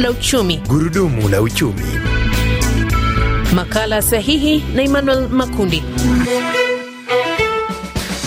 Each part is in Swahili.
la uchumi. Gurudumu la uchumi, makala sahihi na Emmanuel Makundi.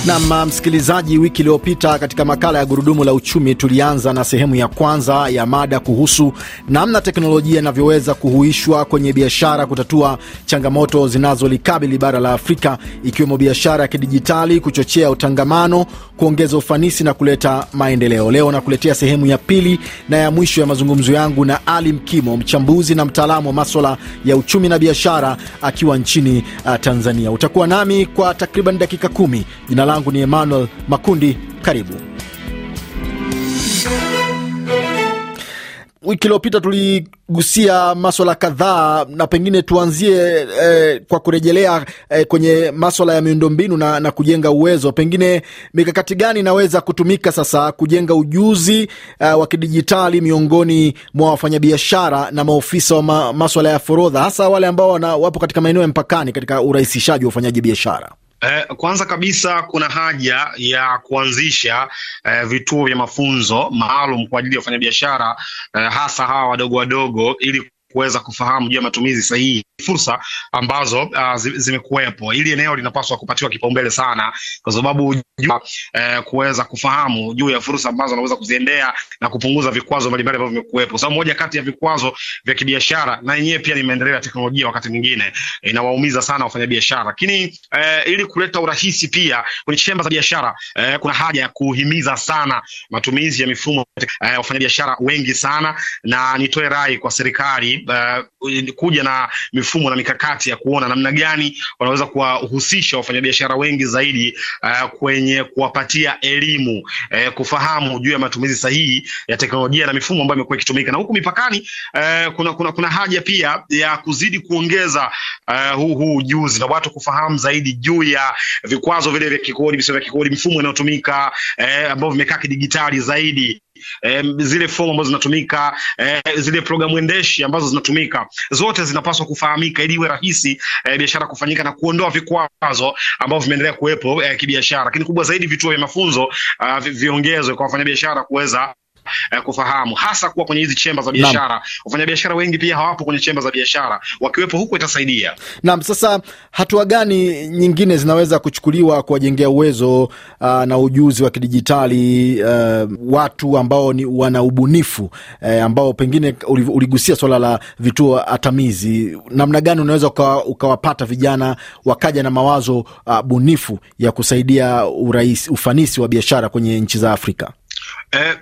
Nam msikilizaji, wiki iliyopita katika makala ya gurudumu la uchumi tulianza na sehemu ya kwanza ya mada kuhusu namna teknolojia inavyoweza kuhuishwa kwenye biashara kutatua changamoto zinazolikabili bara la Afrika, ikiwemo biashara ya kidijitali, kuchochea utangamano, kuongeza ufanisi na kuleta maendeleo. Leo nakuletea sehemu ya pili na ya mwisho ya mazungumzo yangu na Ali Mkimo, mchambuzi na mtaalamu wa maswala ya uchumi na biashara, akiwa nchini uh, Tanzania. Utakuwa nami kwa takriban dakika kumi. Jina langu ni Emmanuel Makundi, karibu. wiki iliyopita tuligusia maswala kadhaa na pengine tuanzie eh, kwa kurejelea eh, kwenye maswala ya miundombinu na, na kujenga uwezo. Pengine mikakati gani inaweza kutumika sasa kujenga ujuzi eh, wa kidijitali miongoni mwa wafanyabiashara na maofisa wa ma, maswala ya forodha, hasa wale ambao wapo katika maeneo ya mpakani katika urahisishaji wa ufanyaji biashara? Eh, kwanza kabisa kuna haja ya kuanzisha eh, vituo vya mafunzo maalum kwa ajili ya wafanyabiashara eh, hasa hawa wadogo wadogo ili kuweza kufahamu juu ya matumizi sahihi fursa ambazo uh, zimekuwepo. ili eneo linapaswa kupatiwa kipaumbele sana, kwa sababu uh, kuweza kufahamu juu ya fursa ambazo anaweza kuziendea na kupunguza vikwazo mbalimbali ambavyo vimekuwepo, sababu moja kati ya vikwazo vya kibiashara na yenyewe pia ni maendeleo ya teknolojia, wakati mwingine inawaumiza sana wafanyabiashara. Lakini uh, ili kuleta urahisi pia kwenye chemba za biashara uh, kuna haja ya kuhimiza sana matumizi ya mifumo uh, wafanyabiashara wengi sana, na nitoe rai kwa serikali uh, kuja na mifumo mifumo na mikakati ya kuona namna gani wanaweza kuwahusisha wafanyabiashara wengi zaidi uh, kwenye kuwapatia elimu uh, kufahamu juu ya matumizi sahihi ya teknolojia na mifumo ambayo imekuwa ikitumika na huku mipakani uh, kuna, kuna, kuna haja pia ya kuzidi kuongeza uh, huu huu ujuzi na watu kufahamu zaidi juu ya vikwazo vile vya kikodi visivyo vya kikodi, mifumo inayotumika uh, ambayo vimekaa kidigitali zaidi eh, zile fomu ambazo zinatumika eh, zile programu endeshi ambazo zinatumika zote zinapaswa kufahamika ili iwe rahisi eh, biashara kufanyika na kuondoa vikwazo ambavyo vimeendelea kuwepo eh, kibiashara. Lakini kubwa zaidi, vituo vya mafunzo uh, viongezwe kwa wafanyabiashara kuweza eh, kufahamu hasa kuwa kwenye hizi chemba za biashara. Wafanyabiashara wengi pia hawapo kwenye chemba za biashara, wakiwepo huko itasaidia. Naam, sasa hatua gani nyingine zinaweza kuchukuliwa kuwajengea uwezo uh, na ujuzi wa kidijitali uh, watu ambao ni wana ubunifu uh, ambao pengine uligusia swala la vituo atamizi, namna gani unaweza ukawapata vijana wakaja na mawazo uh, bunifu ya kusaidia urahisi ufanisi wa biashara kwenye nchi za Afrika? Eh,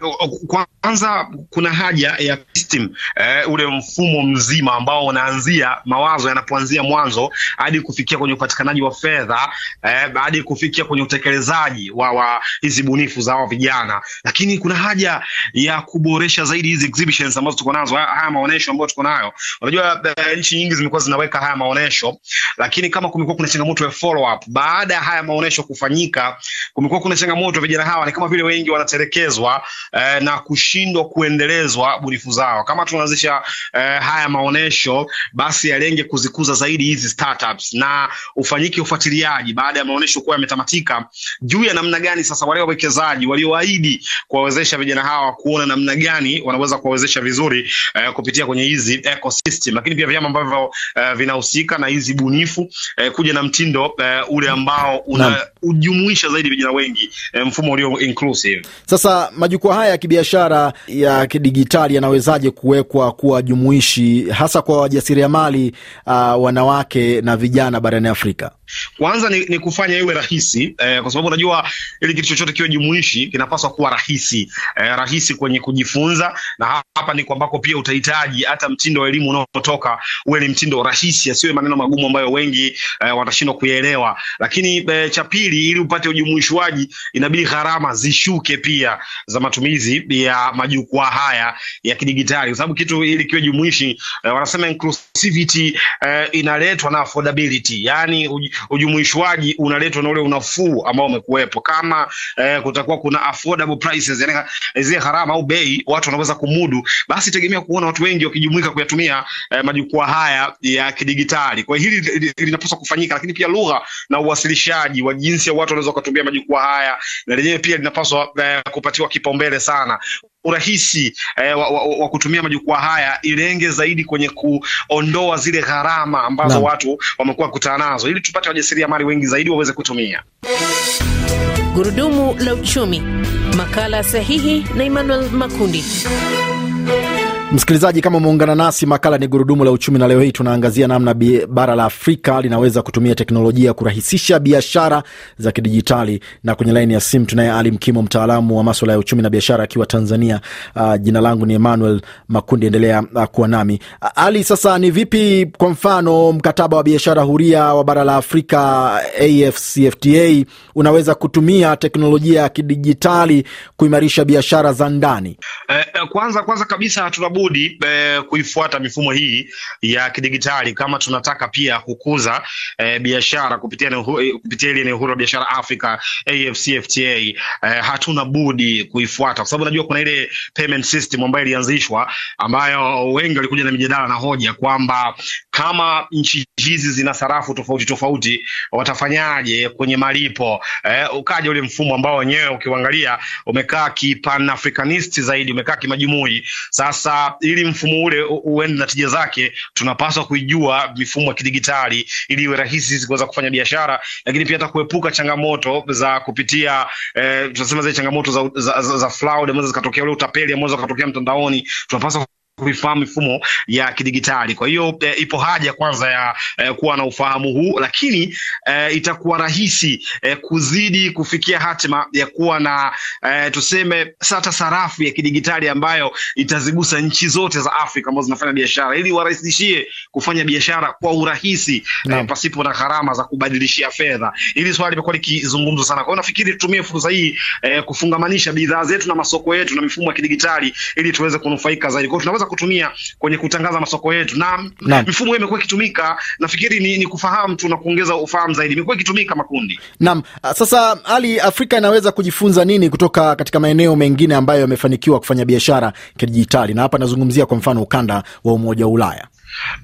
kwanza kuna haja ya system eh, ule mfumo mzima ambao unaanzia mawazo yanapoanzia mwanzo hadi kufikia kwenye upatikanaji wa fedha eh, hadi eh, kufikia kwenye utekelezaji wa, wa hizi bunifu za vijana, lakini kuna haja ya kuboresha zaidi hizi exhibitions ambazo tuko nazo, haya maonesho ambayo tuko nayo. Unajua eh, nchi nyingi zimekuwa zinaweka haya maonesho, lakini kama kumekuwa kuna changamoto ya follow up baada ya haya maonesho kufanyika, kumekuwa kuna changamoto, vijana hawa ni kama vile wengi wanatelekezwa kuchezwa eh, na kushindwa kuendelezwa bunifu zao. Kama tunaanzisha eh, haya maonesho, basi yalenge kuzikuza zaidi hizi startups na ufanyike ufuatiliaji baada ya maonesho kuwa yametamatika, juu ya namna gani sasa wale wawekezaji walioahidi kuwawezesha vijana hawa kuona namna gani wanaweza kuwawezesha vizuri eh, kupitia kwenye hizi ecosystem, lakini pia vyama ambavyo eh, vinahusika na hizi bunifu eh, kuja na mtindo eh, ule ambao unajumuisha zaidi vijana wengi eh, mfumo ulio inclusive. Sasa majukwaa haya ya kibiashara ya kidigitali yanawezaje kuwekwa kuwa jumuishi hasa kwa wajasiriamali uh, wanawake na vijana barani Afrika? Kwanza ni, ni kufanya iwe rahisi eh, kwa sababu unajua ili kitu chochote kiwe jumuishi kinapaswa kuwa rahisi eh, rahisi kwenye kujifunza, na hapa ni kwambako pia utahitaji hata mtindo wa elimu unaotoka uwe ni mtindo rahisi, asiwe maneno magumu ambayo wengi eh, watashindwa kuelewa. Lakini eh, cha pili, ili upate ujumuishwaji inabidi gharama zishuke pia za matumizi ya majukwaa haya ya kidigitali, kwa sababu kitu ili kiwe jumuishi eh, wanasema inclusivity eh, inaletwa na affordability, yani uj ujumuishwaji unaletwa na ule unafuu ambao umekuwepo. Kama eh, kutakuwa kuna affordable prices, yani eh, zile gharama au bei watu wanaweza kumudu, basi tegemea kuona watu wengi wakijumuika kuyatumia eh, majukwaa haya ya kidigitali. Kwa hili linapaswa kufanyika, lakini pia lugha na uwasilishaji wa jinsi ya watu wanaweza kutumia majukwaa haya na lenyewe pia linapaswa eh, kupatiwa kipaumbele sana urahisi eh, wa, wa, wa kutumia majukwaa haya ilenge zaidi kwenye kuondoa zile gharama ambazo na watu wamekuwa kukutana nazo ili tupate wajasiriamali wengi zaidi waweze kutumia Gurudumu la Uchumi. Makala sahihi na Emmanuel Makundi. Msikilizaji, kama umeungana nasi, makala ni gurudumu la uchumi, na leo hii tunaangazia namna bara la Afrika linaweza kutumia teknolojia kurahisisha biashara za kidijitali, na kwenye laini ya simu tunaye Ali Mkimo, mtaalamu wa maswala ya uchumi na biashara akiwa Tanzania. Uh, jina langu ni Emmanuel Makundi, endelea uh, kuwa nami uh, Ali. Sasa ni vipi, kwa mfano, mkataba wa biashara huria wa bara la Afrika AfCFTA unaweza kutumia teknolojia ya kidijitali kuimarisha biashara za ndani? Eh, eh kwanza kwanza kabisa tunabu budi e, kuifuata mifumo hii ya kidigitali kama tunataka pia kukuza e, biashara kupitia eh, kupitia ile uhuru wa biashara Afrika AfCFTA e, hatuna budi kuifuata kwa sababu najua kuna ile payment system ambayo ilianzishwa ambayo wengi walikuja na mijadala na hoja kwamba kama nchi hizi zina sarafu tofauti tofauti watafanyaje kwenye malipo e, Ukaja ule mfumo ambao wenyewe ukiangalia umekaa kipanafricanist zaidi, umekaa kimajumui. Sasa ili mfumo ule uende na tija zake, tunapaswa kuijua mifumo ya kidigitali ili iwe rahisi sisi kuweza kufanya biashara, lakini pia hata kuepuka changamoto za kupitia eh, tunasema zile changamoto za, za, za, za fraud ambazo zikatokea, ule utapeli ambao ukatokea mtandaoni tunapaswa kuifahamu mifumo ya kidigitali. Kwa hiyo e, ipo haja kwanza ya e, kuwa na ufahamu huu, lakini e, itakuwa rahisi e, kuzidi kufikia hatima ya kuwa na e, tuseme sata sarafu ya kidigitali ambayo itazigusa nchi zote za Afrika ambazo zinafanya biashara, ili warahisishie kufanya biashara kwa urahisi e, pasipo na gharama za kubadilishia fedha. Ili swali limekuwa likizungumzwa sana, kwa hiyo nafikiri tutumie fursa hii e, kufungamanisha bidhaa zetu na masoko yetu na mifumo ya kidigitali ili tuweze kunufaika zaidi. Kwa hiyo tunaweza kutumia kwenye kutangaza masoko yetu, na mifumo hiyo imekuwa ikitumika. Nafikiri ni, ni kufahamu tu na kuongeza ufahamu zaidi, imekuwa ikitumika makundi. Naam, sasa hali Afrika inaweza kujifunza nini kutoka katika maeneo mengine ambayo yamefanikiwa kufanya biashara kidijitali, na hapa nazungumzia kwa mfano ukanda wa Umoja wa Ulaya.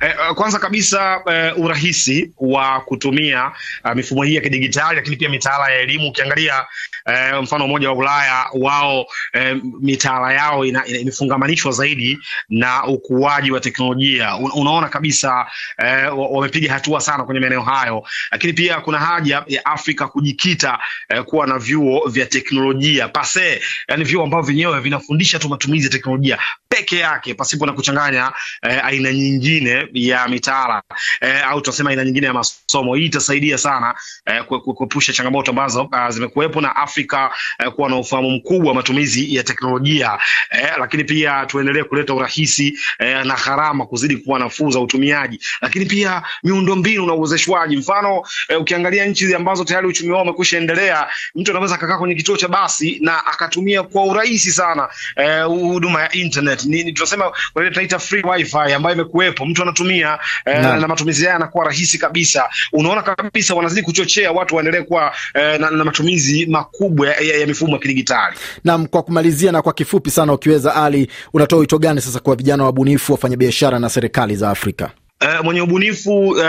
Eh, eh, kwanza kabisa eh, urahisi wa kutumia eh, mifumo hii ya kidijitali, lakini pia mitaala ya elimu. Ukiangalia eh, mfano Umoja wa Ulaya wao, eh, mitaala yao ina, imefungamanishwa zaidi na ukuaji wa teknolojia. Unaona kabisa eh, wamepiga hatua sana kwenye maeneo hayo, lakini pia kuna haja ya Afrika kujikita eh, kuwa na vyuo vya teknolojia pase, yani vyuo ambavyo vyenyewe vinafundisha tu matumizi ya teknolojia peke yake pasipo na kuchanganya eh, aina nyingi nyingine ya mitaala eh, au tunasema aina nyingine ya masomo. Hii itasaidia sana eh, kuepusha changamoto ambazo uh, zimekuwepo na Afrika eh, kuwa na ufahamu mkubwa wa matumizi ya teknolojia eh, lakini pia tuendelee kuleta urahisi eh, na gharama kuzidi kuwa nafuu za utumiaji, lakini pia miundombinu na uwezeshwaji. Mfano eh, ukiangalia nchi ambazo tayari uchumi wao umekwisha endelea, mtu anaweza akakaa kwenye kituo cha basi na akatumia kwa urahisi sana e, huduma eh, ya internet. Ni ni, tunasema kwa tunaita free wifi ambayo imekuwepo mtu anatumia eh, na, na matumizi yake yanakuwa rahisi kabisa. Unaona kabisa wanazidi kuchochea watu waendelee kuwa eh, na, na matumizi makubwa ya, ya mifumo ya kidigitali. Naam, kwa kumalizia na kwa kifupi sana, ukiweza Ali, unatoa wito gani sasa kwa vijana wabunifu, wafanyabiashara na serikali za Afrika? Uh, mwenye ubunifu uh,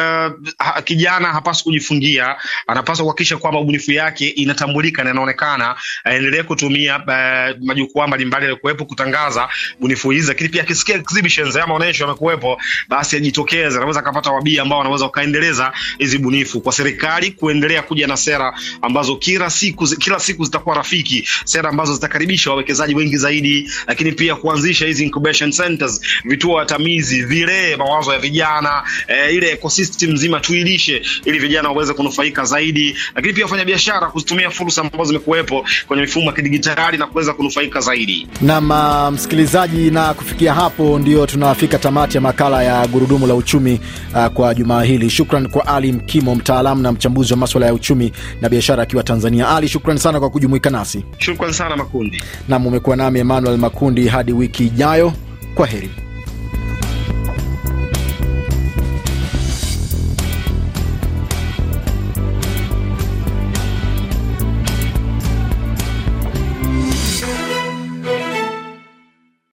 ha, kijana hapaswi kujifungia, anapaswa kuhakikisha kwamba ubunifu yake inatambulika na inaonekana. Aendelee uh, kutumia uh, majukwaa mbalimbali yalikuwepo kutangaza ubunifu hizi, lakini pia akisikia exhibitions ama maonyesho yamekuwepo, basi ajitokeze, anaweza akapata wabia ambao wanaweza wakaendeleza hizi bunifu. Kwa serikali kuendelea kuja na sera ambazo kila siku kila siku zitakuwa rafiki, sera ambazo zitakaribisha wawekezaji wengi zaidi, lakini pia kuanzisha hizi incubation centers, vituo vya tamizi, vile mawazo ya vijana sana e, ile ecosystem nzima tuilishe ili vijana waweze kunufaika zaidi, lakini pia wafanyabiashara kuzitumia fursa ambazo zimekuwepo kwenye mifumo ya kidijitali na kuweza kunufaika zaidi. Naam ah, msikilizaji, na kufikia hapo ndio tunafika tamati ya makala ya gurudumu la uchumi uh, kwa jumaa hili. Shukran kwa Ali Mkimo, mtaalamu na mchambuzi wa maswala ya uchumi na biashara akiwa Tanzania. Ali, shukran sana kwa kujumuika nasi. Shukran sana Makundi. Nam, umekuwa nami Emmanuel Makundi hadi wiki ijayo. Kwa heri.